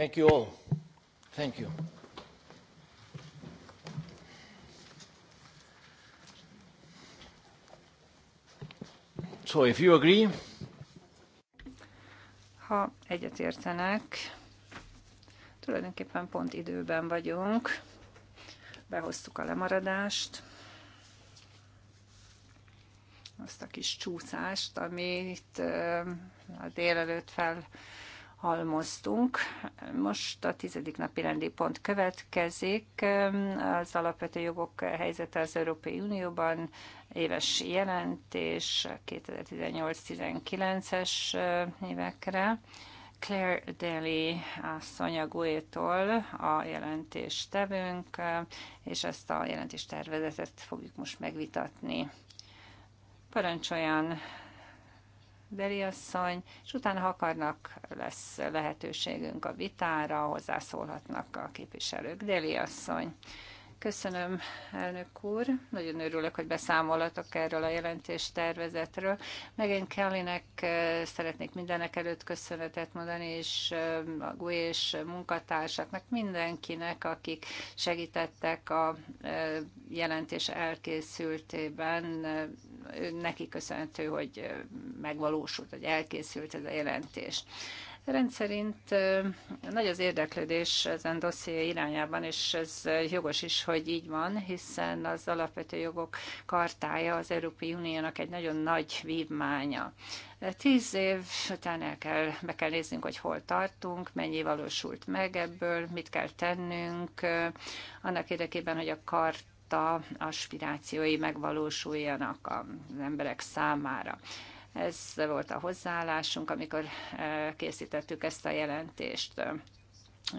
Thank you all. Thank you. So if you agree, ha egyetértenek, tulajdonképpen pont időben vagyunk, behoztuk a lemaradást, azt a kis csúszást, amit a délelőtt fel halmoztunk. Most a tizedik napi rendi pont következik. Az alapvető jogok helyzete az Európai Unióban, éves jelentés 2018-19-es eh, évekre. Claire Daly a gue a a jelentéstevőnk, eh, és ezt a jelentéstervezetet fogjuk most megvitatni. Parancsoljon Deli asszony, és utána, ha akarnak, lesz lehetőségünk a vitára, hozzászólhatnak a képviselők. Deli asszony. Köszönöm, elnök úr. Nagyon örülök, hogy beszámolatok erről a jelentés tervezetről. Megint Kellynek eh, szeretnék mindenek előtt köszönetet mondani, és eh, a GUE és munkatársaknak, mindenkinek, akik segítettek a eh, jelentés elkészültében. Neki köszönhető, hogy megvalósult, hogy elkészült ez a jelentés. Rendszerint nagy az érdeklődés ezen dosszié irányában, és ez jogos is, hogy így van, hiszen az alapvető jogok kartája az Európai Uniónak egy nagyon nagy vívmánya. Tíz év után el kell, be kell néznünk, hogy hol tartunk, mennyi valósult meg ebből, mit kell tennünk, annak érdekében, hogy a kart a aspirációi megvalósuljanak az emberek számára. Ez volt a hozzáállásunk, amikor eh, készítettük ezt a jelentést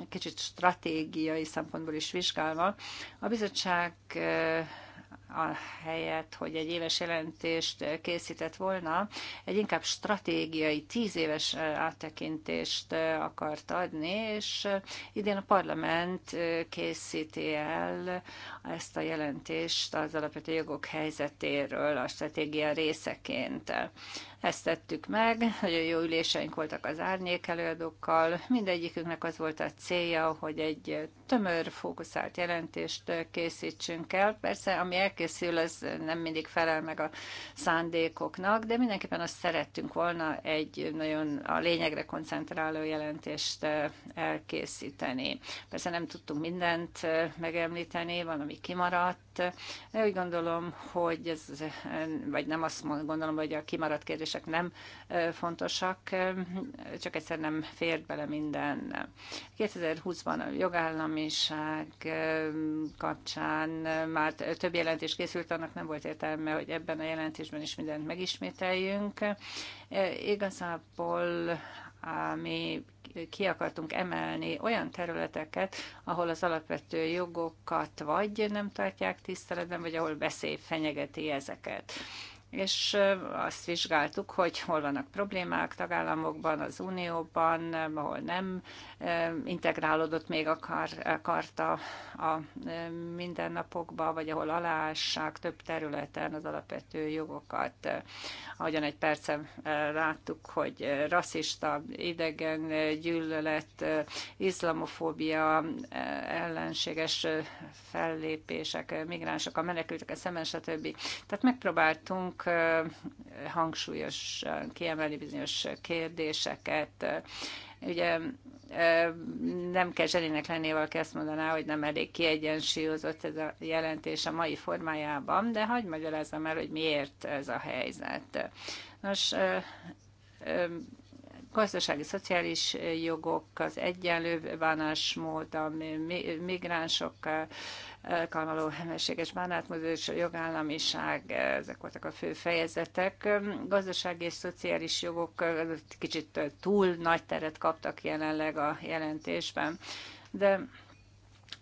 kicsit stratégiai szempontból is vizsgálva. A bizottság eh, a helyet, hogy egy éves jelentést eh, készített volna, egy inkább stratégiai, tíz éves áttekintést akart adni, és idén a parlament készíti el ezt a jelentést az alapvető jogok helyzetéről a stratégia részeként. Ezt tettük meg, nagyon jó üléseink voltak az árnyék előadókkal, mindegyikünknek az volt a célja, hogy egy tömör, fókuszált jelentést készítsünk el. Persze, ami elkészül, az nem mindig felel meg a szándékoknak, de mindenképpen azt szerettünk volna egy nagyon a lényegre koncentráló jelentést elkészíteni. Persze nem tudtunk mindent megemlíteni, van, ami kimaradt. De úgy gondolom, hogy ez, vagy nem azt gondolom, hogy a kimaradt kérdések nem fontosak, csak egyszer nem fér bele minden. 2020-ban a jogállamiság kapcsán már több jelentés készült, annak nem volt értelme, hogy ebben a jelentésben is mindent megismételjünk. Igazából ami ki akartunk emelni olyan területeket, ahol az alapvető jogokat vagy nem tartják tiszteletben, vagy ahol veszély fenyegeti ezeket és azt vizsgáltuk, hogy hol vannak problémák tagállamokban, az Unióban, ahol nem integrálódott még a karta a mindennapokba, vagy ahol aláássák több területen az alapvető jogokat. Ahogyan egy percen láttuk, hogy rasszista, idegen gyűlölet, iszlamofóbia, ellenséges fellépések, migránsok, a menekültek, a szemben, stb. Tehát megpróbáltunk hangsúlyos, hangsúlyosan kiemelni bizonyos kérdéseket. Ugye nem kell zserének lenni, valaki azt mondaná, hogy nem elég kiegyensúlyozott ez a jelentés a mai formájában, de hagyd magyarázzam el, hogy miért ez a helyzet. Nos, gazdasági, szociális jogok, az egyenlő bánásmód, a migránsokkal való hemességes bánátmód és a jogállamiság, ezek voltak a fő fejezetek. Gazdasági és szociális jogok kicsit túl nagy teret kaptak jelenleg a jelentésben, de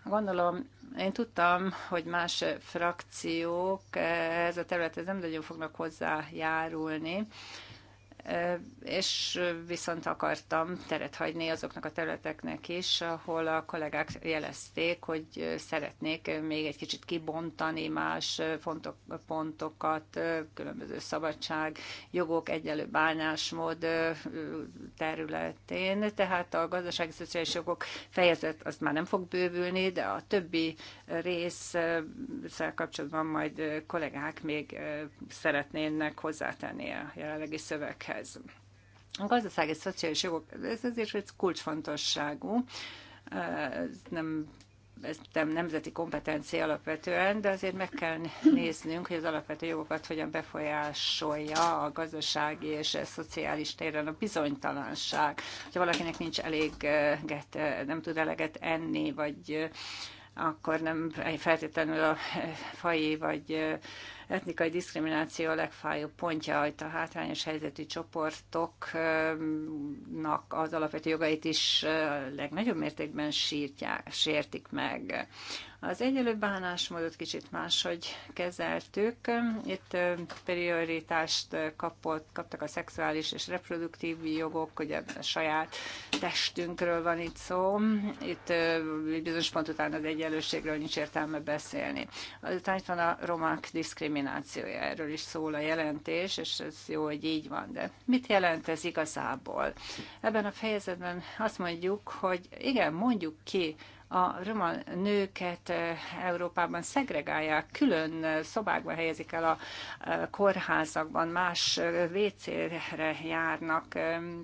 gondolom, én tudtam, hogy más frakciók eh, ez a területhez nem nagyon fognak hozzájárulni, és viszont akartam teret hagyni azoknak a területeknek is, ahol a kollégák jelezték, hogy szeretnék még egy kicsit kibontani más pontok, pontokat, különböző szabadság, jogok, egyenlő bánásmód területén, tehát a gazdasági szociális jogok fejezet azt már nem fog bővülni, de a többi rész kapcsolatban majd kollégák még szeretnének hozzátenni a jelenlegi szöveghez ez. A gazdasági és szociális jogok, ez azért ez kulcsfontosságú, ez nem ez nem nemzeti kompetencia alapvetően, de azért meg kell néznünk, hogy az alapvető jogokat hogyan befolyásolja a gazdasági és a szociális téren a bizonytalanság. Ha valakinek nincs elég, nem tud eleget enni, vagy eh, akkor nem feltétlenül a eh, fai vagy eh, etnikai diszkrimináció a legfájóbb pontja, hogy a hátrányos helyzetű csoportoknak az alapvető jogait is legnagyobb mértékben sírtják, sértik meg. Az egyenlő bánásmódot kicsit máshogy kezeltük. Itt prioritást kapott, kaptak a szexuális és reproduktív jogok, ugye a saját testünkről van itt szó. Itt bizonyos pont után az egyenlőségről nincs értelme beszélni. Azután itt van a romák diszkriminációja, erről is szól a jelentés, és ez jó, hogy így van, de mit jelent ez igazából? Ebben a fejezetben azt mondjuk, hogy igen, mondjuk ki, a roma nőket eh, Európában szegregálják, külön eh, szobákba helyezik el a eh, kórházakban, más vécére járnak,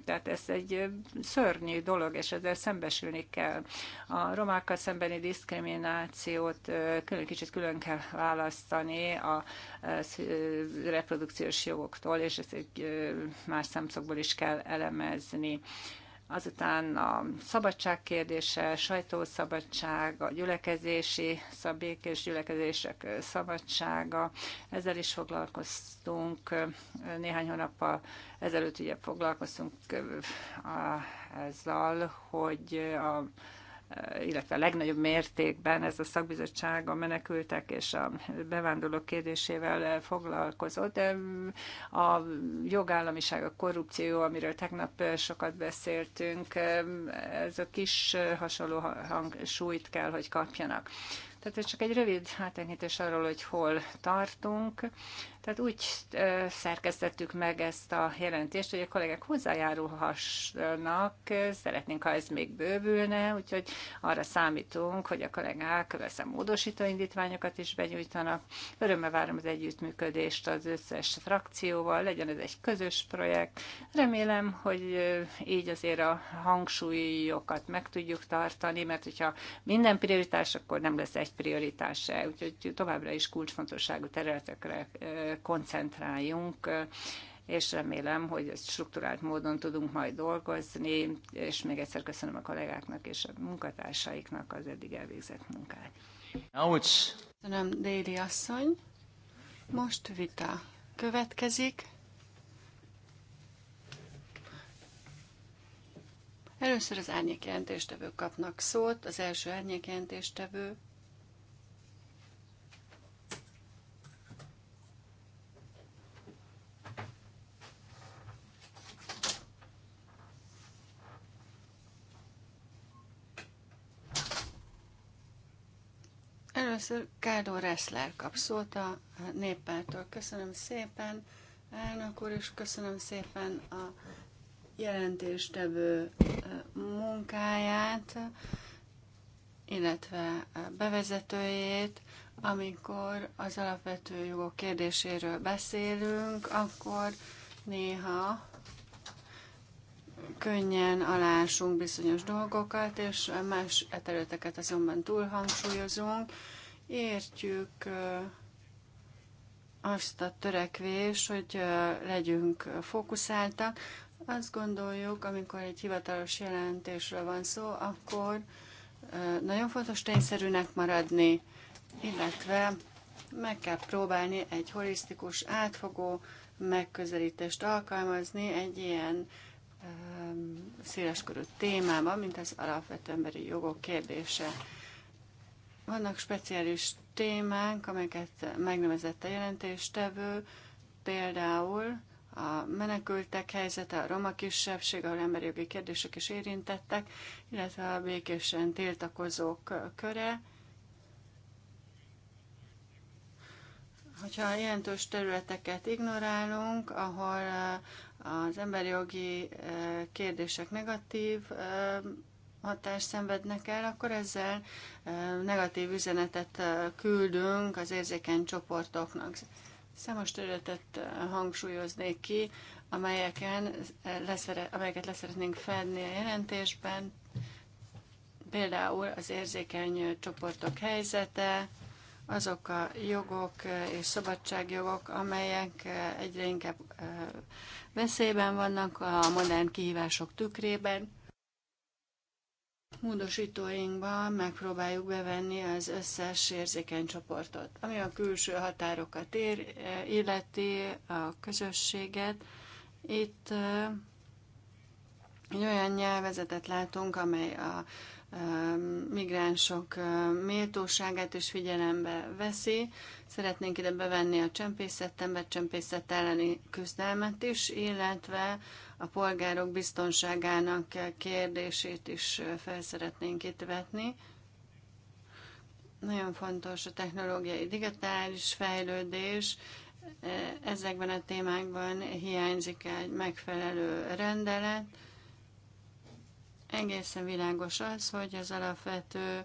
tehát ez egy szörnyű dolog, és ezzel szembesülni kell. A romákkal szembeni diszkriminációt külön kicsit külön kell választani a reprodukciós jogoktól, és ezt egy más szemszokból is kell elemezni azután a szabadság kérdése, sajtószabadság, a gyülekezési, és gyülekezések szabadsága, ezzel is foglalkoztunk néhány hónappal ezelőtt ugye foglalkoztunk ezzel, hogy a Eh, illetve a legnagyobb mértékben ez a szakbizottság a menekültek és a bevándorlók kérdésével eh, foglalkozott, de eh, a jogállamiság, a korrupció, amiről tegnap sokat beszéltünk, ezek kis hasonló hangsúlyt kell, hogy kapjanak. Tehát ez csak egy rövid áttekintés arról, hogy hol tartunk. Tehát úgy szerkesztettük meg ezt a jelentést, hogy a kollégák hozzájárulhassanak, szeretnénk, ha ez még bővülne, úgyhogy arra számítunk, hogy a kollégák persze módosító indítványokat is benyújtanak. Örömmel várom az együttműködést az összes frakcióval, legyen ez egy közös projekt. Remélem, hogy így azért a hangsúlyokat meg tudjuk tartani, mert hogyha minden prioritás, akkor nem lesz egy prioritás se. Úgyhogy továbbra is kulcsfontosságú területekre koncentráljunk, és remélem, hogy struktúrált módon tudunk majd dolgozni, és még egyszer köszönöm a kollégáknak és a munkatársaiknak az eddig elvégzett munkát. Köszönöm, Déli asszony. Most vita következik. Először az árnyékjelentéstevők kapnak szót. Az első árnyékjelentéstevő Először Kádó Reszler kap szót a néppártól. Köszönöm szépen, elnök úr, és köszönöm szépen a jelentéstevő munkáját, illetve bevezetőjét. Amikor az alapvető jogok kérdéséről beszélünk, akkor néha könnyen alásunk bizonyos dolgokat, és más e területeket azonban túlhangsúlyozunk. Értjük azt a törekvés, hogy legyünk fókuszáltak. Azt gondoljuk, amikor egy hivatalos jelentésről van szó, akkor nagyon fontos tényszerűnek maradni, illetve meg kell próbálni egy holisztikus, átfogó megközelítést alkalmazni egy ilyen széleskörű témában, mint az alapvető emberi jogok kérdése. Vannak speciális témánk, amelyeket megnevezett a jelentéstevő, például a menekültek helyzete, a roma kisebbség, ahol emberi jogi kérdések is érintettek, illetve a békésen tiltakozók köre. Hogyha jelentős területeket ignorálunk, ahol az emberi jogi eh, kérdések negatív eh, hatást szenvednek el, akkor ezzel negatív üzenetet küldünk az érzékeny csoportoknak. Számos területet hangsúlyoznék ki, amelyeken leszere, amelyeket leszeretnénk fedni a jelentésben, például az érzékeny csoportok helyzete, azok a jogok és szabadságjogok, amelyek egyre inkább veszélyben vannak a modern kihívások tükrében, módosítóinkba megpróbáljuk bevenni az összes érzékeny csoportot, ami a külső határokat ér, eh, illeti a közösséget. Itt eh, egy olyan nyelvezetet látunk, amely a migránsok méltóságát is figyelembe veszi. Szeretnénk ide bevenni a csempészet, embercsempészet elleni küzdelmet is, illetve a polgárok biztonságának kérdését is fel szeretnénk itt vetni. Nagyon fontos a technológiai digitális fejlődés, e, ezekben a témákban hiányzik egy megfelelő rendelet, Egészen világos az, hogy az alapvető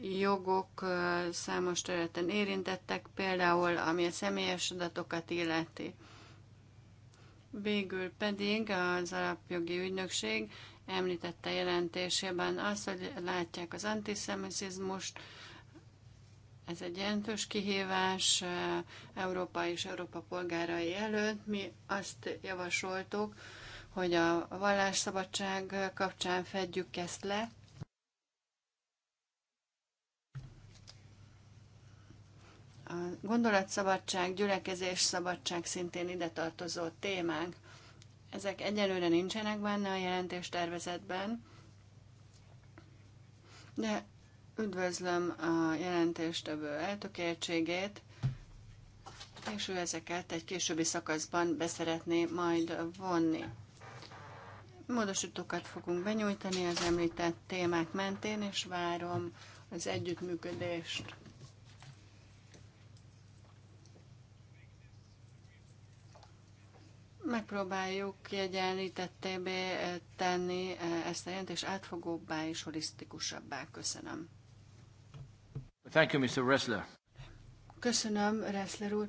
jogok számos területen érintettek, például ami a személyes adatokat illeti. Végül pedig az alapjogi ügynökség említette jelentésében azt, hogy látják az antiszemizmust, ez egy jelentős kihívás Európa és Európa polgárai előtt. Mi azt javasoltuk, hogy a vallásszabadság kapcsán fedjük ezt le. A gondolatszabadság, gyülekezés szabadság szintén ide tartozó témák. Ezek egyelőre nincsenek benne a jelentés tervezetben, de üdvözlöm a jelentéstevő eltökértségét, és ő ezeket egy későbbi szakaszban beszeretné majd vonni. Módosítókat fogunk benyújtani az említett témák mentén, és várom az együttműködést. Megpróbáljuk kiegyenlítettébbé tenni eh, ezt a jelentést átfogóbbá és holisztikusabbá. Köszönöm. Thank you, Mr. Ressler. Köszönöm, Ressler úr.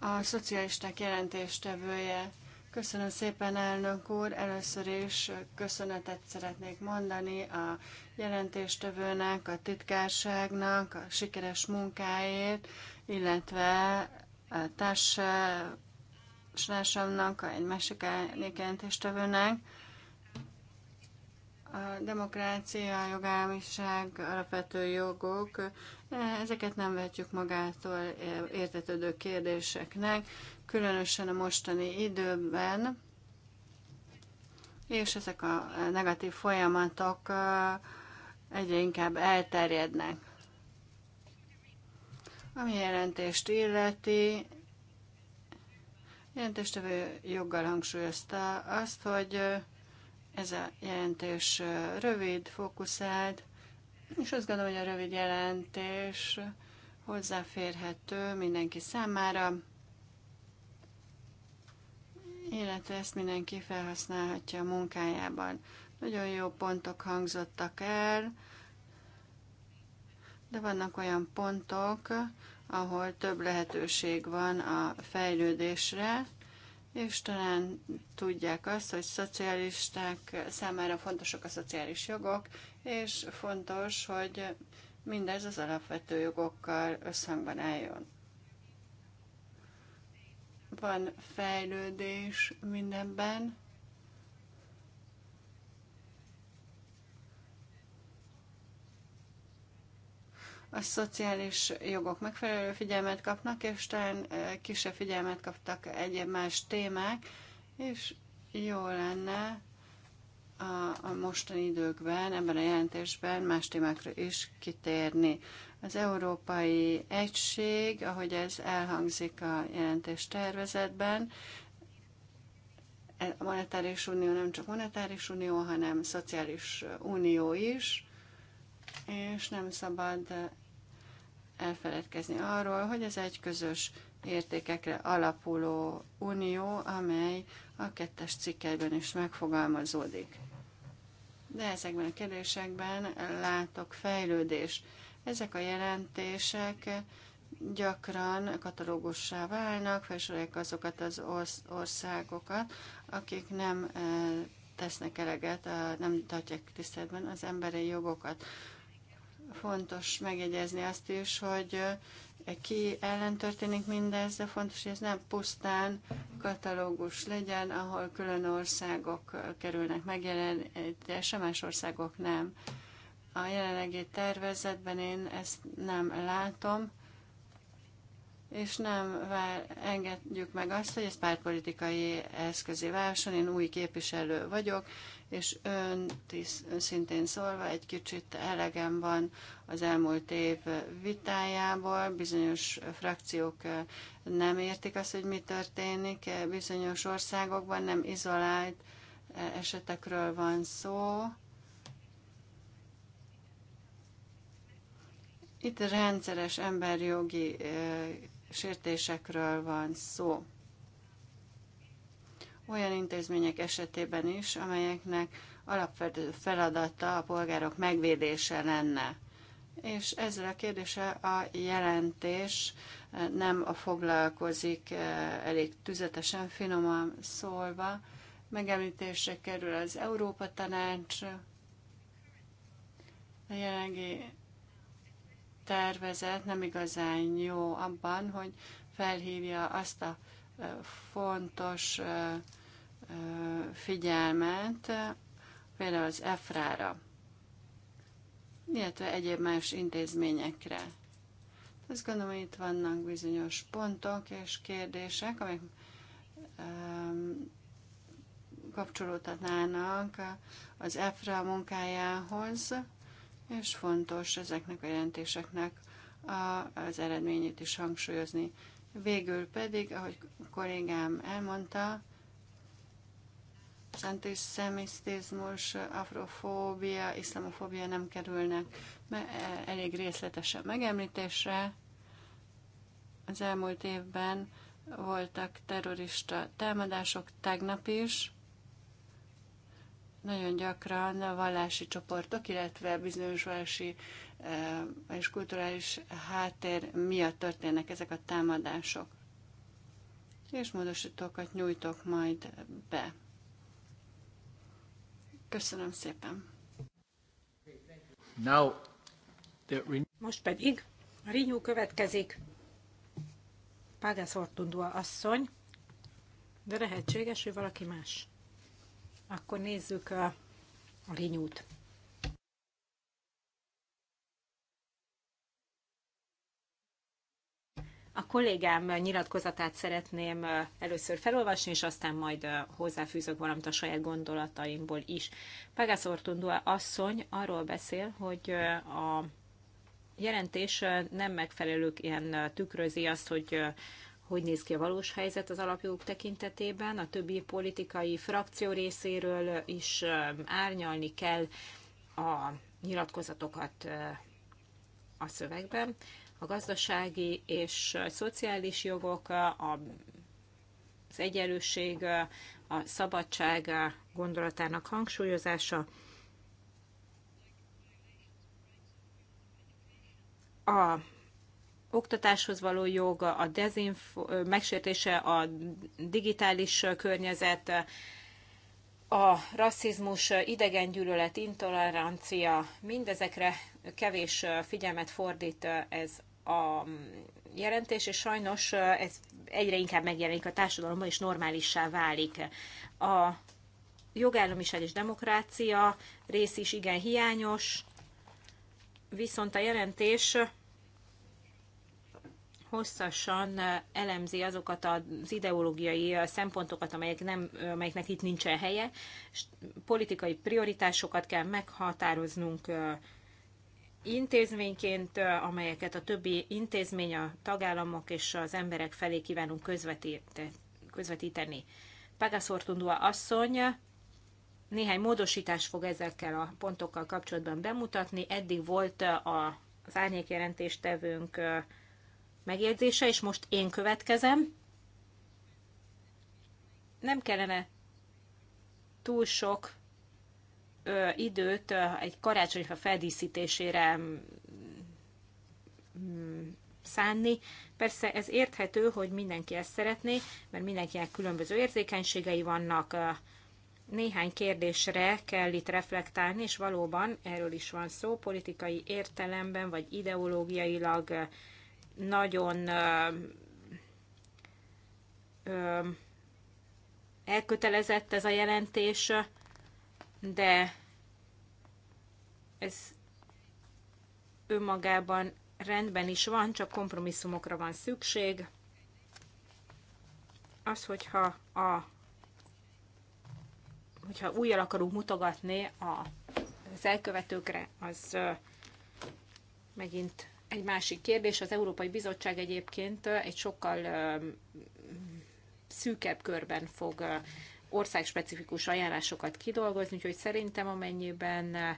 a szocialisták jelentéstevője. Köszönöm szépen, elnök úr! Először is köszönetet szeretnék mondani a jelentéstevőnek, a titkárságnak, a sikeres munkáért, illetve a társamnak, egy másik jelentéstevőnek. A demokrácia, a jogállamiság, alapvető jogok Ezeket nem vetjük magától értetődő kérdéseknek, különösen a mostani időben, és ezek a negatív folyamatok egyre inkább elterjednek. Ami jelentést illeti, jelentéstevő joggal hangsúlyozta azt, hogy ez a jelentés rövid, fókuszált, és azt gondolom, hogy a rövid jelentés hozzáférhető mindenki számára, illetve ezt mindenki felhasználhatja a munkájában. Nagyon jó pontok hangzottak el, de vannak olyan pontok, ahol több lehetőség van a fejlődésre, és talán tudják azt, hogy szocialisták számára fontosak a szociális jogok, és fontos, hogy mindez az alapvető jogokkal összhangban álljon. Van fejlődés mindenben, a szociális jogok megfelelő figyelmet kapnak, és talán kisebb figyelmet kaptak egyéb más témák, és jó lenne, a, a mostani időkben, ebben a jelentésben más témákra is kitérni. Az Európai Egység, ahogy ez elhangzik a jelentés tervezetben, e, a monetáris unió nem csak monetáris unió, hanem szociális unió is, és nem szabad elfeledkezni arról, hogy ez egy közös értékekre alapuló unió, amely a kettes cikkelyben is megfogalmazódik de ezekben a kérdésekben látok fejlődés Ezek a jelentések gyakran katalógussá válnak, felsorolják azokat az országokat, akik nem e, tesznek eleget, nem tartják tiszteletben az emberi jogokat. Fontos megjegyezni azt is, hogy E, ki ellen történik mindez, de fontos, hogy ez nem pusztán katalógus legyen, ahol külön országok kerülnek megjelenítésre, más országok nem. A jelenlegi tervezetben én ezt nem látom és nem vár, engedjük meg azt, hogy ez pártpolitikai eszközé válson. Én új képviselő vagyok, és ön, tisz, szintén szólva egy kicsit elegem van az elmúlt év vitájából. Bizonyos frakciók nem értik azt, hogy mi történik. Bizonyos országokban nem izolált esetekről van szó. Itt rendszeres emberjogi sértésekről van szó. Olyan intézmények esetében is, amelyeknek alapvető feladata a polgárok megvédése lenne. És ezzel a kérdéssel a jelentés nem a foglalkozik eh, elég tüzetesen, finoman szólva. Megemlítésre kerül az Európa Tanács, a jelenlegi tervezet nem igazán jó abban, hogy felhívja azt a fontos figyelmet, például az EFRA-ra, illetve egyéb más intézményekre. Azt gondolom, hogy itt vannak bizonyos pontok és kérdések, amik kapcsolódhatnának az EFRA munkájához és fontos ezeknek a jelentéseknek a, az eredményét is hangsúlyozni. Végül pedig, ahogy kollégám elmondta, az antiszemitizmus, afrofóbia, iszlamofóbia nem kerülnek e, elég részletesen megemlítésre. Az elmúlt évben voltak terrorista támadások, tegnap is, nagyon gyakran a vallási csoportok, illetve bizonyos vallási e, és kulturális háttér miatt történnek ezek a támadások. És módosítókat nyújtok majd be. Köszönöm szépen. Now, the... Most pedig a rinyú következik. Págász Ortundua asszony, de lehetséges, hogy valaki más. Akkor nézzük a, a rinyút. A kollégám nyilatkozatát szeretném először felolvasni, és aztán majd hozzáfűzök valamit a saját gondolataimból is. Pegász Ortundua asszony arról beszél, hogy a jelentés nem ilyen tükrözi azt, hogy hogy néz ki a valós helyzet az alapjogok tekintetében. A többi politikai frakció részéről is árnyalni kell a nyilatkozatokat a szövegben. A gazdasági és a szociális jogok, az egyenlőség, a szabadság gondolatának hangsúlyozása, a oktatáshoz való jog, a dezinfo, megsértése a digitális környezet, a rasszizmus, idegengyűlölet, intolerancia, mindezekre kevés figyelmet fordít ez a jelentés, és sajnos ez egyre inkább megjelenik a társadalomban, és normálissá válik. A jogállamiság és demokrácia rész is igen hiányos, viszont a jelentés hosszasan elemzi azokat az ideológiai szempontokat, amelyek nem, amelyeknek itt nincsen helye. Politikai prioritásokat kell meghatároznunk intézményként, amelyeket a többi intézmény, a tagállamok és az emberek felé kívánunk közvetíteni. Pegaszortundua asszony néhány módosítás fog ezekkel a pontokkal kapcsolatban bemutatni. Eddig volt az árnyékjelentéstevőnk megjegyzése, és most én következem. Nem kellene túl sok ö, időt ö, egy karácsonyfa feldíszítésére szánni. Persze ez érthető, hogy mindenki ezt szeretné, mert mindenkinek különböző érzékenységei vannak. Néhány kérdésre kell itt reflektálni, és valóban erről is van szó, politikai értelemben vagy ideológiailag nagyon ö, ö, elkötelezett ez a jelentés, de ez önmagában rendben is van, csak kompromisszumokra van szükség. Az, hogyha, a, hogyha újjal akarunk mutogatni a, az elkövetőkre, az megint egy másik kérdés, az Európai Bizottság egyébként egy sokkal szűkebb körben fog országspecifikus ajánlásokat kidolgozni, úgyhogy szerintem amennyiben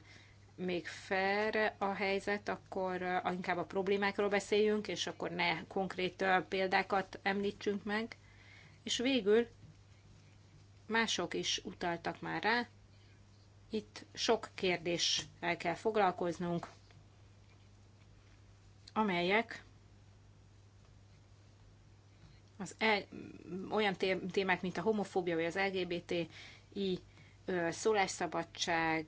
még fair a helyzet, akkor inkább a problémákról beszéljünk, és akkor ne konkrét példákat említsünk meg. És végül mások is utaltak már rá, itt sok kérdéssel kell foglalkoznunk, amelyek az el, olyan témák, mint a homofóbia vagy az LGBTI szólásszabadság,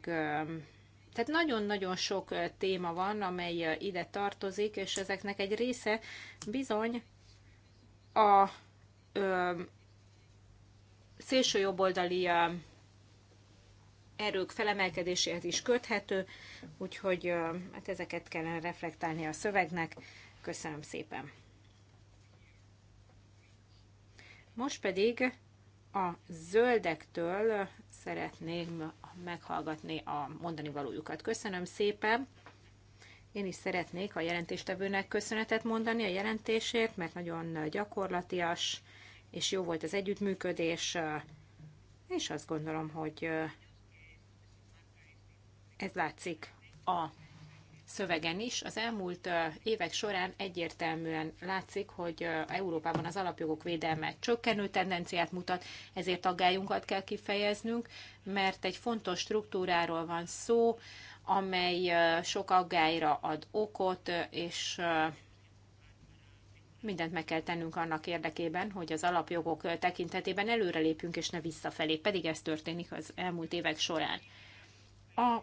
tehát nagyon-nagyon sok téma van, amely ide tartozik, és ezeknek egy része bizony a ö, szélső jobboldali erők felemelkedéséhez is köthető, úgyhogy hát ezeket kellene reflektálni a szövegnek. Köszönöm szépen! Most pedig a zöldektől szeretném meghallgatni a mondani valójukat. Köszönöm szépen! Én is szeretnék a jelentéstevőnek köszönetet mondani a jelentésért, mert nagyon gyakorlatias, és jó volt az együttműködés, és azt gondolom, hogy ez látszik a szövegen is. Az elmúlt évek során egyértelműen látszik, hogy Európában az alapjogok védelme csökkenő tendenciát mutat, ezért aggályunkat kell kifejeznünk, mert egy fontos struktúráról van szó, amely sok aggályra ad okot, és mindent meg kell tennünk annak érdekében, hogy az alapjogok tekintetében előrelépjünk, és ne visszafelé, pedig ez történik az elmúlt évek során. A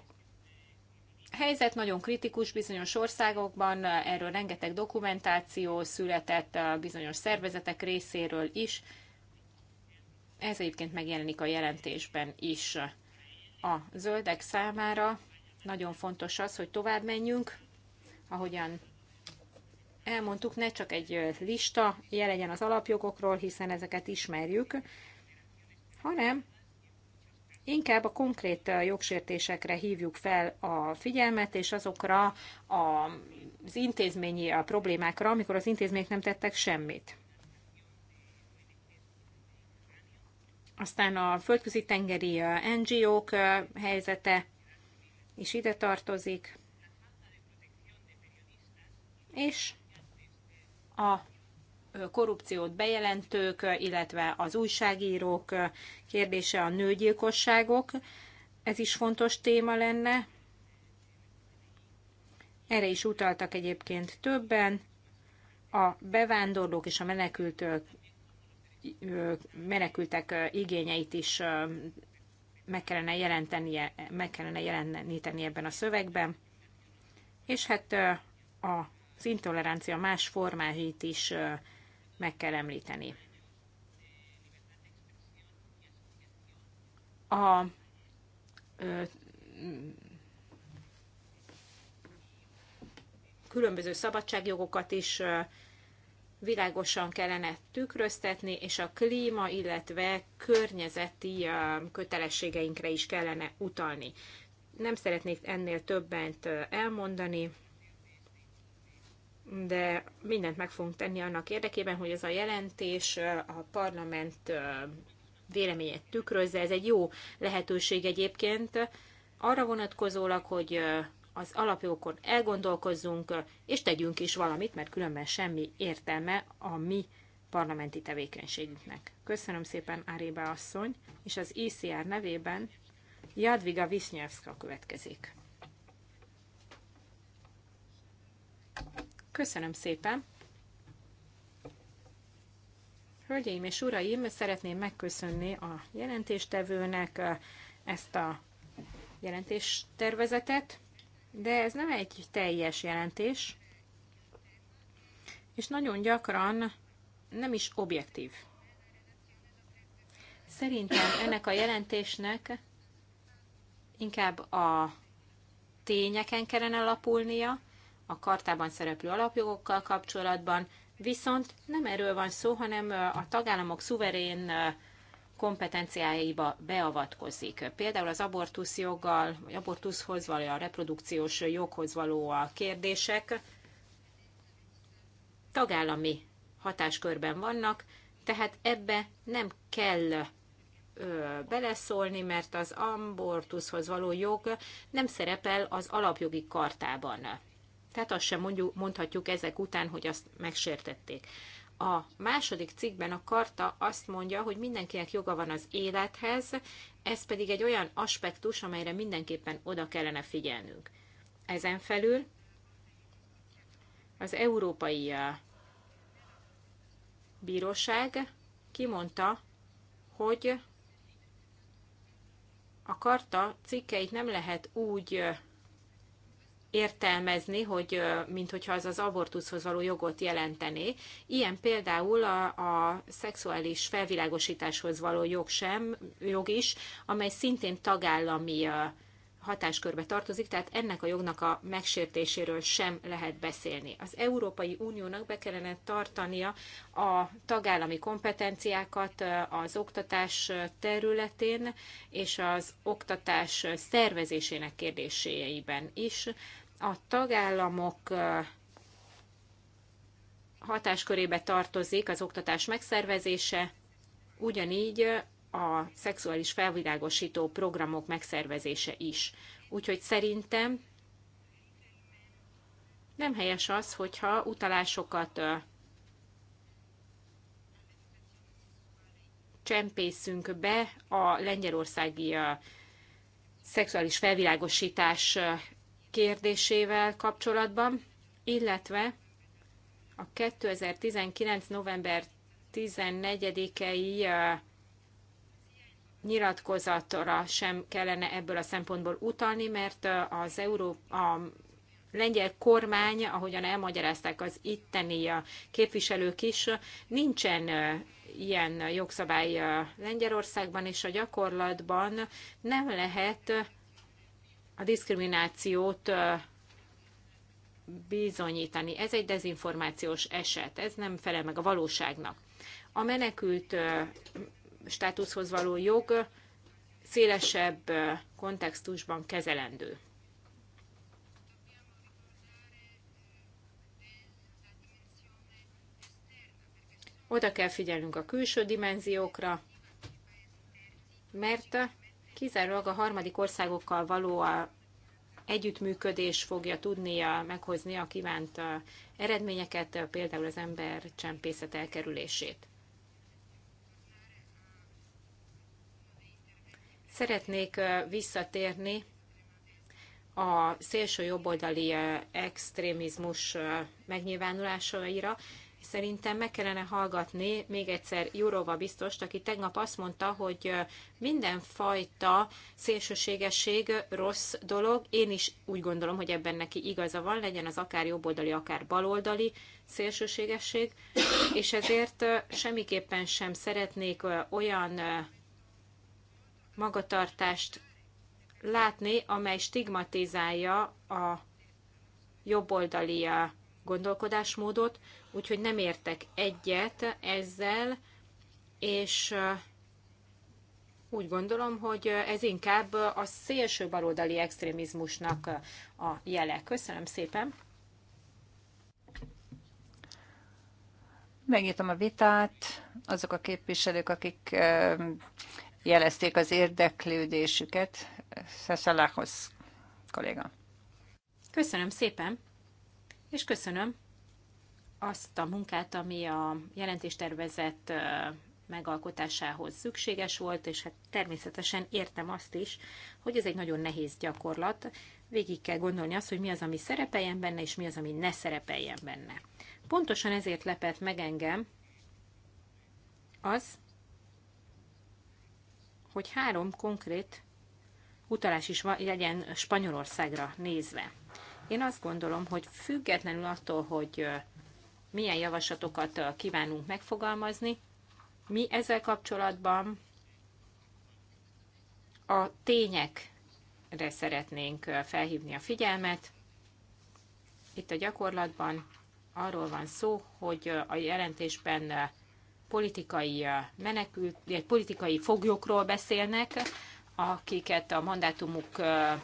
helyzet nagyon kritikus bizonyos országokban, erről rengeteg dokumentáció született bizonyos szervezetek részéről is. Ez egyébként megjelenik a jelentésben is. A zöldek számára nagyon fontos az, hogy tovább menjünk, ahogyan elmondtuk, ne csak egy lista jelenjen az alapjogokról, hiszen ezeket ismerjük, hanem Inkább a konkrét jogsértésekre hívjuk fel a figyelmet, és azokra az intézményi a problémákra, amikor az intézmények nem tettek semmit. Aztán a földközi tengeri NGO-k helyzete is ide tartozik, és a korrupciót bejelentők, illetve az újságírók kérdése a nőgyilkosságok. Ez is fontos téma lenne. Erre is utaltak egyébként többen. A bevándorlók és a menekültök, menekültek igényeit is meg kellene, jelentenie, meg kellene jeleníteni ebben a szövegben. És hát az intolerancia más formáit is meg kell említeni. A ö, különböző szabadságjogokat is világosan kellene tükröztetni, és a klíma, illetve környezeti kötelességeinkre is kellene utalni. Nem szeretnék ennél többent elmondani, de mindent meg fogunk tenni annak érdekében, hogy ez a jelentés a parlament véleményét tükrözze. Ez egy jó lehetőség egyébként arra vonatkozólag, hogy az alapjókon elgondolkozzunk, és tegyünk is valamit, mert különben semmi értelme a mi parlamenti tevékenységünknek. Köszönöm szépen Áréba asszony, és az ICR nevében Jadviga Visnyevska következik. Köszönöm szépen! Hölgyeim és uraim, szeretném megköszönni a jelentéstevőnek eh, ezt a jelentéstervezetet, de ez nem egy teljes jelentés, és nagyon gyakran nem is objektív. Szerintem ennek a jelentésnek inkább a tényeken kellene alapulnia, a kartában szereplő alapjogokkal kapcsolatban, viszont nem erről van szó, hanem a tagállamok szuverén kompetenciáiba beavatkozik. Például az abortusz joggal, vagy abortuszhoz való, a reprodukciós joghoz való a kérdések tagállami hatáskörben vannak, tehát ebbe nem kell ö, beleszólni, mert az abortuszhoz való jog nem szerepel az alapjogi kartában. Tehát azt sem mondjuk, mondhatjuk ezek után, hogy azt megsértették. A második cikkben a karta azt mondja, hogy mindenkinek joga van az élethez, ez pedig egy olyan aspektus, amelyre mindenképpen oda kellene figyelnünk. Ezen felül az Európai uh, Bíróság kimondta, hogy a karta cikkeit nem lehet úgy uh, értelmezni, hogy mint hogyha az az abortuszhoz való jogot jelentené. Ilyen például a, a szexuális felvilágosításhoz való jog sem, jog is, amely szintén tagállami hatáskörbe tartozik, tehát ennek a jognak a megsértéséről sem lehet beszélni. Az Európai Uniónak be kellene tartania a tagállami kompetenciákat az oktatás területén és az oktatás szervezésének kérdéseiben is. A tagállamok hatáskörébe tartozik az oktatás megszervezése, ugyanígy a szexuális felvilágosító programok megszervezése is. Úgyhogy szerintem nem helyes az, hogyha utalásokat csempészünk be a lengyelországi szexuális felvilágosítás kérdésével kapcsolatban, illetve a 2019. november 14-i nyilatkozatra sem kellene ebből a szempontból utalni, mert az Euró, a lengyel kormány, ahogyan elmagyarázták az itteni képviselők is, nincsen ilyen jogszabály Lengyelországban, és a gyakorlatban nem lehet a diszkriminációt bizonyítani. Ez egy dezinformációs eset, ez nem felel meg a valóságnak. A menekült státuszhoz való jog szélesebb kontextusban kezelendő. Oda kell figyelnünk a külső dimenziókra, mert kizárólag a harmadik országokkal való a együttműködés fogja tudnia meghozni a kívánt eredményeket, például az ember csempészet elkerülését. Szeretnék visszatérni a szélső jobboldali extrémizmus megnyilvánulásaira. Szerintem meg kellene hallgatni még egyszer Jurova biztost, aki tegnap azt mondta, hogy mindenfajta szélsőségesség rossz dolog. Én is úgy gondolom, hogy ebben neki igaza van, legyen az akár jobboldali, akár baloldali szélsőségesség, és ezért semmiképpen sem szeretnék olyan magatartást látni, amely stigmatizálja a jobboldali gondolkodásmódot, úgyhogy nem értek egyet ezzel, és úgy gondolom, hogy ez inkább a szélső baloldali extrémizmusnak a jele. Köszönöm szépen! Megnyitom a vitát. Azok a képviselők, akik jelezték az érdeklődésüket. Szeszalához kolléga. Köszönöm szépen, és köszönöm azt a munkát, ami a jelentéstervezet megalkotásához szükséges volt, és hát természetesen értem azt is, hogy ez egy nagyon nehéz gyakorlat. Végig kell gondolni azt, hogy mi az, ami szerepeljen benne, és mi az, ami ne szerepeljen benne. Pontosan ezért lepett meg engem az, hogy három konkrét utalás is legyen Spanyolországra nézve. Én azt gondolom, hogy függetlenül attól, hogy milyen javaslatokat kívánunk megfogalmazni, mi ezzel kapcsolatban a tényekre szeretnénk felhívni a figyelmet. Itt a gyakorlatban arról van szó, hogy a jelentésben politikai eh, menekült, eh, politikai foglyokról beszélnek, akiket a mandátumuk eh,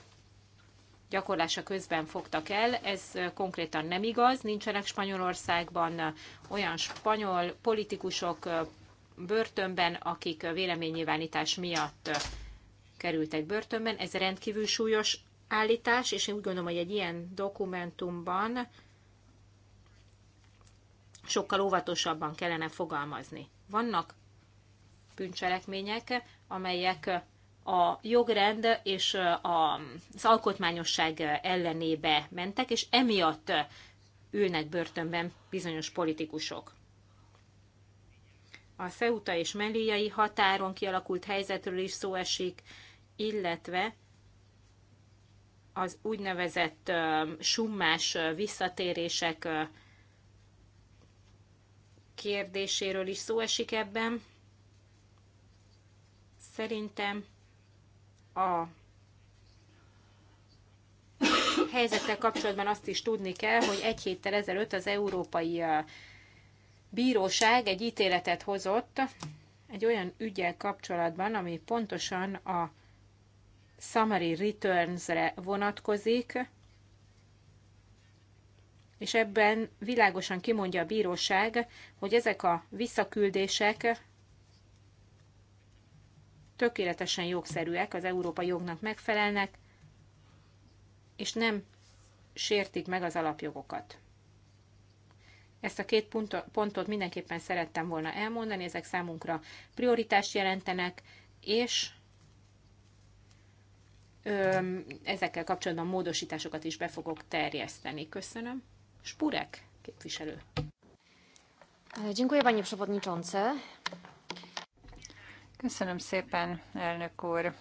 gyakorlása közben fogtak el. Ez konkrétan nem igaz, nincsenek Spanyolországban olyan spanyol politikusok börtönben, akik véleménynyilvánítás miatt kerültek börtönben. Ez rendkívül súlyos állítás, és én úgy gondolom, hogy egy ilyen dokumentumban sokkal óvatosabban kellene fogalmazni. Vannak bűncselekmények, amelyek a jogrend és az alkotmányosság ellenébe mentek, és emiatt ülnek börtönben bizonyos politikusok. A Ceuta és Melíjai határon kialakult helyzetről is szó esik, illetve az úgynevezett summás visszatérések kérdéséről is szó esik ebben. Szerintem a helyzettel kapcsolatban azt is tudni kell, hogy egy héttel ezelőtt az Európai Bíróság egy ítéletet hozott egy olyan ügyel kapcsolatban, ami pontosan a summary returns-re vonatkozik, és ebben világosan kimondja a bíróság, hogy ezek a visszaküldések tökéletesen jogszerűek, az európai jognak megfelelnek, és nem sértik meg az alapjogokat. Ezt a két pontot mindenképpen szerettem volna elmondani, ezek számunkra prioritást jelentenek, és ezekkel kapcsolatban módosításokat is be fogok terjeszteni. Köszönöm. Spurek képviselő. Dziękuję, panie przewodniczący. Köszönöm szépen, elnök úr.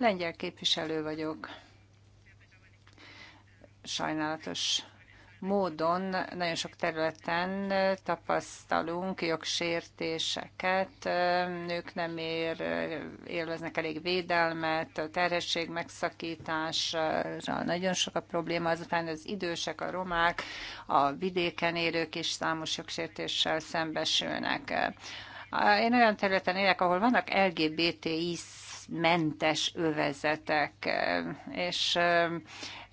Lengyel képviselő vagyok. Sajnálatos módon nagyon sok területen tapasztalunk jogsértéseket, nők nem ér, élveznek elég védelmet, a terhesség megszakítással nagyon sok a probléma, azután az idősek, a romák, a vidéken élők is számos jogsértéssel szembesülnek. Én olyan területen élek, ahol vannak LGBTI mentes övezetek, eh, és eh,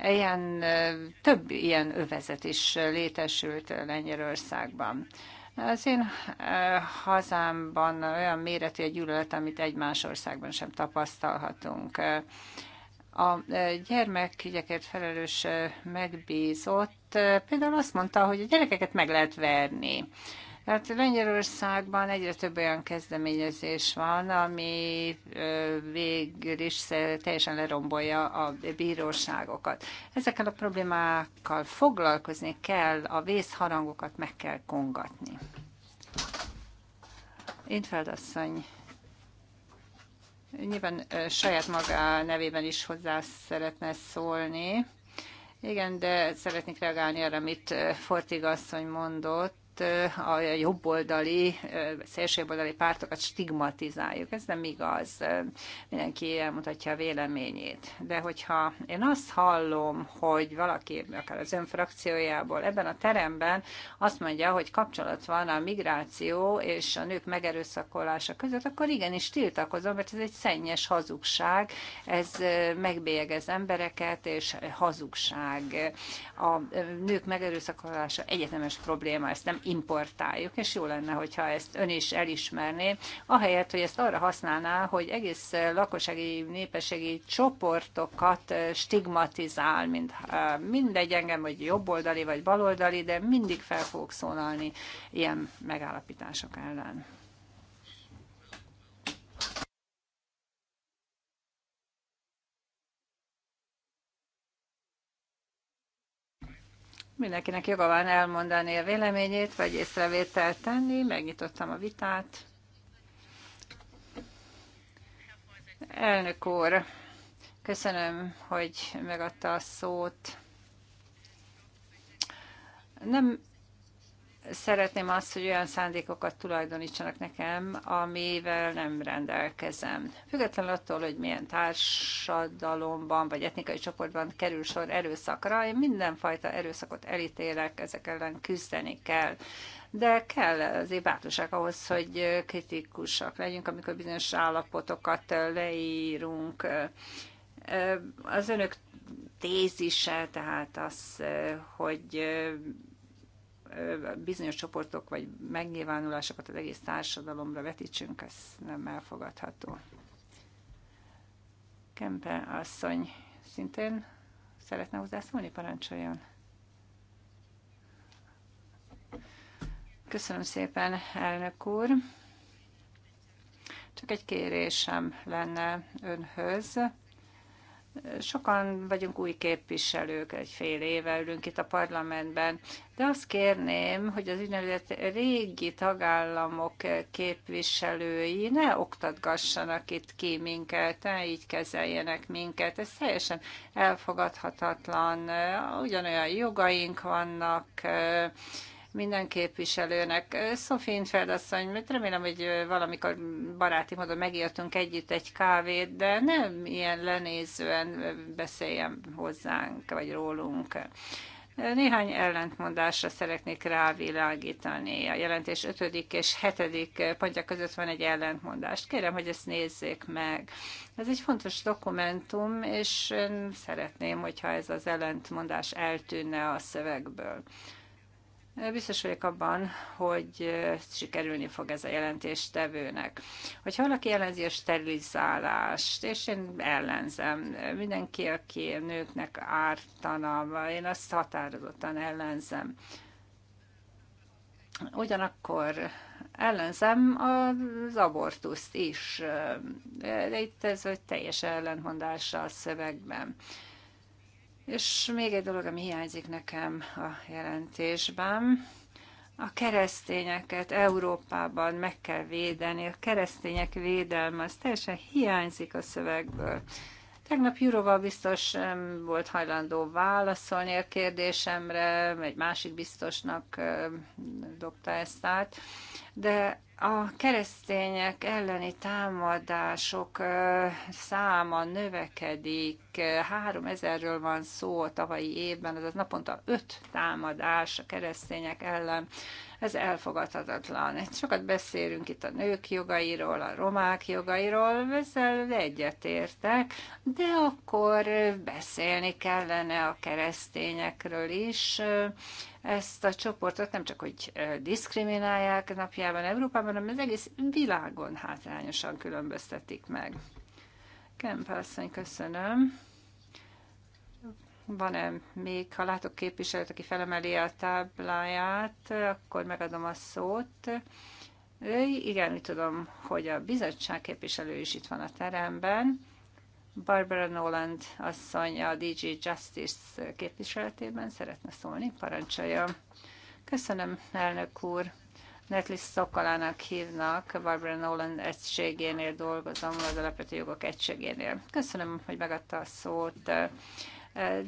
ilyen, eh, több ilyen övezet is létesült Lengyelországban. Az én hazámban olyan méretű a gyűlölet, amit egy más országban sem tapasztalhatunk. A gyermekügyekért felelős megbízott például azt mondta, hogy a gyerekeket meg lehet verni. Hát Lengyelországban egyre több olyan kezdeményezés van, ami végül is teljesen lerombolja a bíróságokat. Ezekkel a problémákkal foglalkozni kell, a vészharangokat meg kell kongatni. Én asszony nyilván saját maga nevében is hozzá szeretne szólni. Igen, de szeretnék reagálni arra, amit Fortiga asszony mondott a jobboldali, szélsőjobboldali pártokat stigmatizáljuk. Ez nem igaz. Mindenki elmutatja a véleményét. De hogyha én azt hallom, hogy valaki, akár az ön frakciójából ebben a teremben azt mondja, hogy kapcsolat van a migráció és a nők megerőszakolása között, akkor igenis tiltakozom, mert ez egy szennyes hazugság, ez megbélyegez embereket, és hazugság. A nők megerőszakolása egyetemes probléma, ezt nem importáljuk, és jó lenne, hogyha ezt ön is elismerné, ahelyett, hogy ezt arra használná, hogy egész eh, lakossági, népességi csoportokat eh, stigmatizál, mint eh, mindegy engem, hogy jobboldali vagy baloldali, de mindig fel fogok szólalni ilyen megállapítások ellen. Mindenkinek joga van elmondani a véleményét, vagy észrevételt tenni. Megnyitottam a vitát. Elnök úr, köszönöm, hogy megadta a szót. Nem szeretném azt, hogy olyan szándékokat tulajdonítsanak nekem, amivel nem rendelkezem. Függetlenül attól, hogy milyen társadalomban vagy etnikai csoportban kerül sor erőszakra, én mindenfajta erőszakot elítélek, ezek ellen küzdeni kell. De kell azért bátorság ahhoz, hogy kritikusak legyünk, amikor bizonyos állapotokat leírunk. Az önök tézise, tehát az, hogy bizonyos csoportok vagy megnyilvánulásokat az egész társadalomra vetítsünk, ez nem elfogadható. Kempe asszony szintén szeretne hozzászólni, parancsoljon. Köszönöm szépen, elnök úr. Csak egy kérésem lenne önhöz. Sokan vagyunk új képviselők, egy fél éve ülünk itt a parlamentben, de azt kérném, hogy az úgynevezett régi tagállamok képviselői ne oktatgassanak itt ki minket, ne így kezeljenek minket. Ez teljesen elfogadhatatlan. Ugyanolyan jogaink vannak, minden képviselőnek. Sophie Infeld asszony, mert remélem, hogy valamikor baráti módon megírtunk együtt egy kávét, de nem ilyen lenézően beszéljen hozzánk, vagy rólunk. Néhány ellentmondásra szeretnék rávilágítani. A jelentés 5. és 7. pontja között van egy ellentmondást. Kérem, hogy ezt nézzék meg. Ez egy fontos dokumentum, és szeretném, hogyha ez az ellentmondás eltűnne a szövegből. Biztos vagyok abban, hogy sikerülni fog ez a jelentéstevőnek. Hogyha valaki ellenzi a sterilizálást, és én ellenzem, mindenki, aki nőknek ártana, én azt határozottan ellenzem. Ugyanakkor ellenzem az abortuszt is, de itt ez egy teljes ellentmondás a szövegben. És még egy dolog, ami hiányzik nekem a jelentésben, a keresztényeket Európában meg kell védeni, a keresztények védelme, az teljesen hiányzik a szövegből. Tegnap Jurova biztos nem volt hajlandó válaszolni a kérdésemre, egy másik biztosnak dobta ezt át de a keresztények elleni támadások száma növekedik. Három ezerről van szó a tavalyi évben, azaz naponta öt támadás a keresztények ellen ez elfogadhatatlan. Sokat beszélünk itt a nők jogairól, a romák jogairól, ezzel egyetértek, de akkor beszélni kellene a keresztényekről is, ezt a csoportot nem csak, hogy diszkriminálják napjában Európában, hanem az egész világon hátrányosan különböztetik meg. Kemp köszönöm. Van-e még, ha látok képviselőt, aki felemeli a tábláját, akkor megadom a szót. Igen, úgy tudom, hogy a bizottság képviselő is itt van a teremben. Barbara Noland asszony a DG Justice képviseletében szeretne szólni, parancsolja. Köszönöm, elnök úr. Netlis Szokalának hívnak, Barbara Nolan egységénél dolgozom, az alapvető jogok egységénél. Köszönöm, hogy megadta a szót.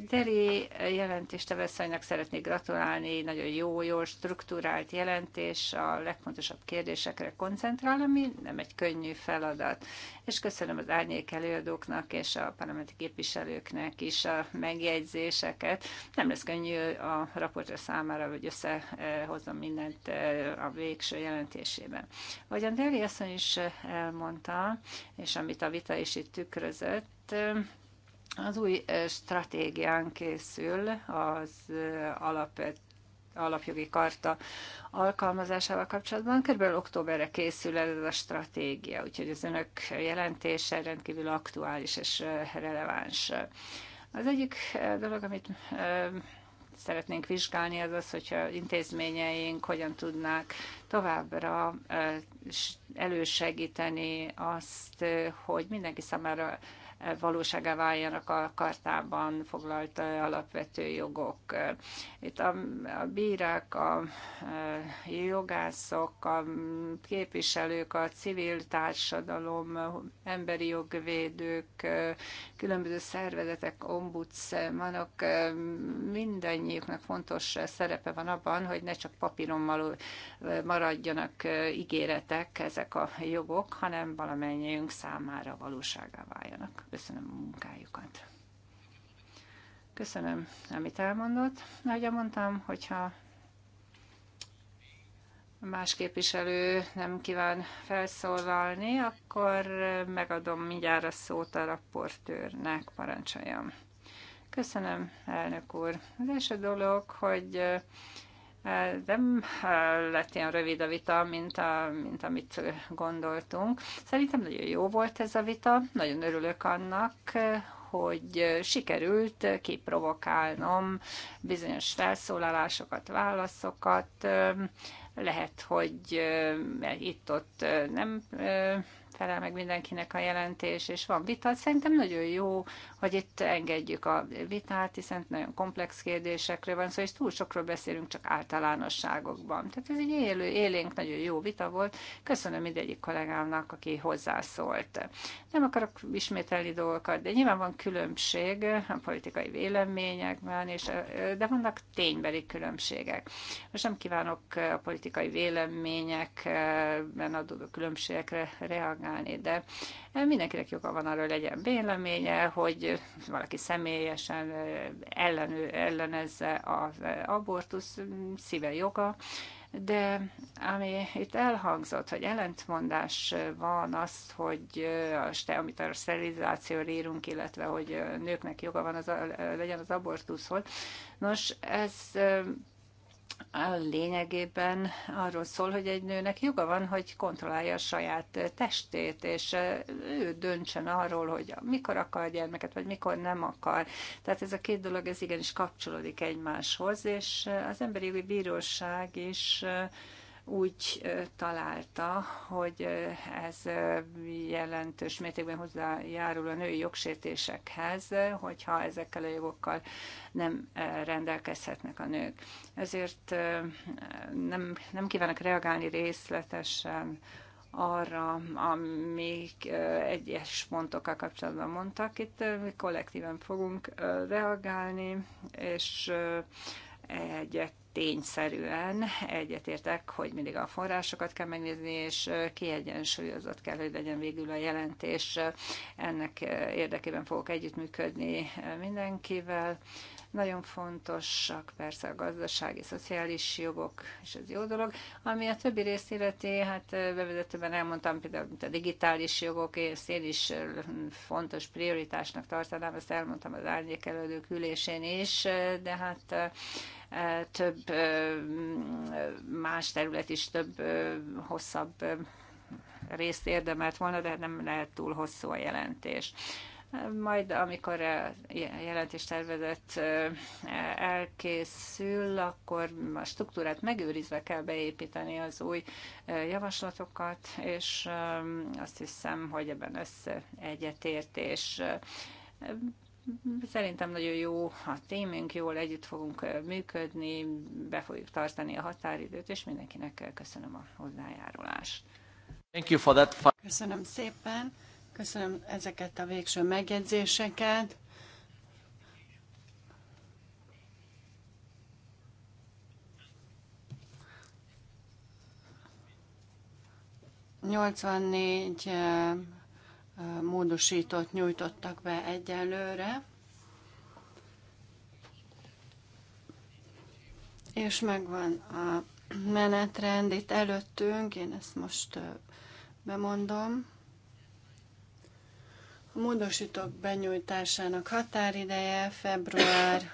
Deli jelentéstevesszonynak szeretnék gratulálni, nagyon jó, jó struktúrált jelentés, a legfontosabb kérdésekre koncentrál, ami nem egy könnyű feladat. És köszönöm az árnyék előadóknak és a parlamenti képviselőknek is a megjegyzéseket. Nem lesz könnyű a raportra számára, hogy összehozom mindent eh, a végső jelentésében. a Deli asszony is eh, elmondta, és amit a vita is itt tükrözött, eh, az új stratégián készül az alap, alapjogi karta alkalmazásával kapcsolatban. Körülbelül októberre készül ez a stratégia, úgyhogy az önök jelentése rendkívül aktuális és releváns. Az egyik dolog, amit szeretnénk vizsgálni, az az, hogyha intézményeink hogyan tudnák továbbra elősegíteni azt, hogy mindenki számára Valósága váljanak a kartában foglalt eh, alapvető jogok. Itt a, a bírák, a eh, jogászok, a képviselők, a civil társadalom, emberi jogvédők, eh, különböző szervezetek, ombudsmanok, mindannyiuknak fontos szerepe van abban, hogy ne csak papíron maradjanak ígéretek ezek a jogok, hanem valamennyiünk számára valóságá váljanak. Köszönöm a munkájukat. Köszönöm, amit elmondott. Ahogy mondtam, hogyha más képviselő nem kíván felszólalni, akkor megadom mindjárt a szót a raportőrnek, parancsoljam. Köszönöm, elnök úr. Az első dolog, hogy nem eh, lett ilyen rövid a vita, mint, a, mint amit gondoltunk. Szerintem nagyon jó volt ez a vita, nagyon örülök annak, hogy sikerült kiprovokálnom bizonyos felszólalásokat, válaszokat, lehet, hogy itt-ott nem felel meg mindenkinek a jelentés, és van vita. Szerintem nagyon jó, hogy itt engedjük a vitát, hiszen nagyon komplex kérdésekről van szó, szóval és túl sokról beszélünk csak általánosságokban. Tehát ez egy élő, élénk, nagyon jó vita volt. Köszönöm mindegyik kollégámnak, aki hozzászólt. Nem akarok ismételni dolgokat, de nyilván van különbség a politikai véleményekben, és, de vannak ténybeli különbségek. Most nem kívánok a politikai politikai véleményekben adódó különbségekre reagálni, de mindenkinek joga van arra, hogy legyen véleménye, hogy valaki személyesen ellenő, ellenezze az abortusz szíve joga, de ami itt elhangzott, hogy ellentmondás van azt, hogy amit a sterilizációra írunk, illetve hogy nőknek joga van az, legyen az abortuszhoz. Nos, ez a lényegében arról szól, hogy egy nőnek joga van, hogy kontrollálja a saját testét, és ő döntsön arról, hogy mikor akar gyermeket, vagy mikor nem akar. Tehát ez a két dolog, ez igenis kapcsolódik egymáshoz, és az Emberi Bíróság is úgy találta, hogy ez jelentős mértékben hozzájárul a női jogsértésekhez, hogyha ezekkel a jogokkal nem rendelkezhetnek a nők. Ezért nem, nem kívánok reagálni részletesen arra, amik egyes pontokkal kapcsolatban mondtak. Itt kollektíven fogunk reagálni, és egyet tényszerűen egyetértek, hogy mindig a forrásokat kell megnézni, és kiegyensúlyozott kell, hogy legyen végül a jelentés. Ennek érdekében fogok együttműködni mindenkivel nagyon fontosak persze a gazdasági, szociális jogok, és ez jó dolog. Ami a többi részt illeti, hát bevezetőben elmondtam például, mint a digitális jogok, és én is fontos prioritásnak tartanám, ezt elmondtam az árnyék előadók ülésén is, de hát több más terület is több hosszabb részt érdemelt volna, de nem lehet túl hosszú a jelentés. Majd amikor a jelentéstervezet elkészül, akkor a struktúrát megőrizve kell beépíteni az új javaslatokat, és azt hiszem, hogy ebben össze egyetértés Szerintem nagyon jó a témünk, jól együtt fogunk működni, be fogjuk tartani a határidőt, és mindenkinek köszönöm a hozzájárulást. Thank you for that. Köszönöm szépen. Köszönöm ezeket a végső megjegyzéseket. Nyolcvannégy eh, eh, módosítót nyújtottak be egyelőre. és megvan a menetrend itt előttünk, én ezt most eh, bemondom. A módosítók benyújtásának határideje február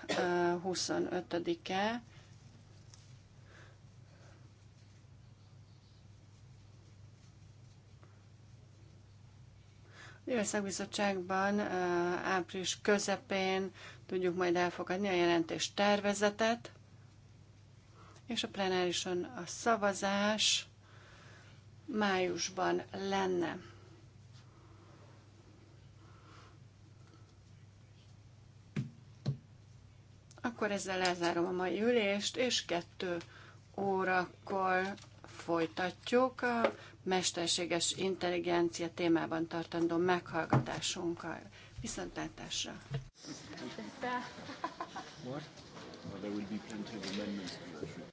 25-e. A szakbizottságban április közepén tudjuk majd elfogadni a jelentés tervezetet, és a plenárison a szavazás májusban lenne. Akkor ezzel lezárom a mai ülést, és kettő órakor folytatjuk a mesterséges intelligencia témában tartandó meghallgatásunkkal. Viszontlátásra!